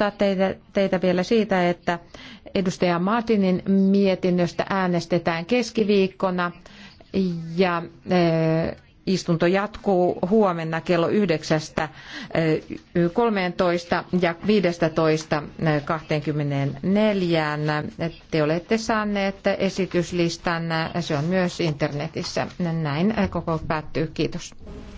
muistuttaa teitä, teitä vielä siitä, että edustaja Martinin mietinnöstä äänestetään keskiviikkona ja e, istunto jatkuu huomenna kello 9.13 e, ja 15.24. E, Te olette saaneet esityslistan, se on myös internetissä. Näin kokous päättyy. Kiitos.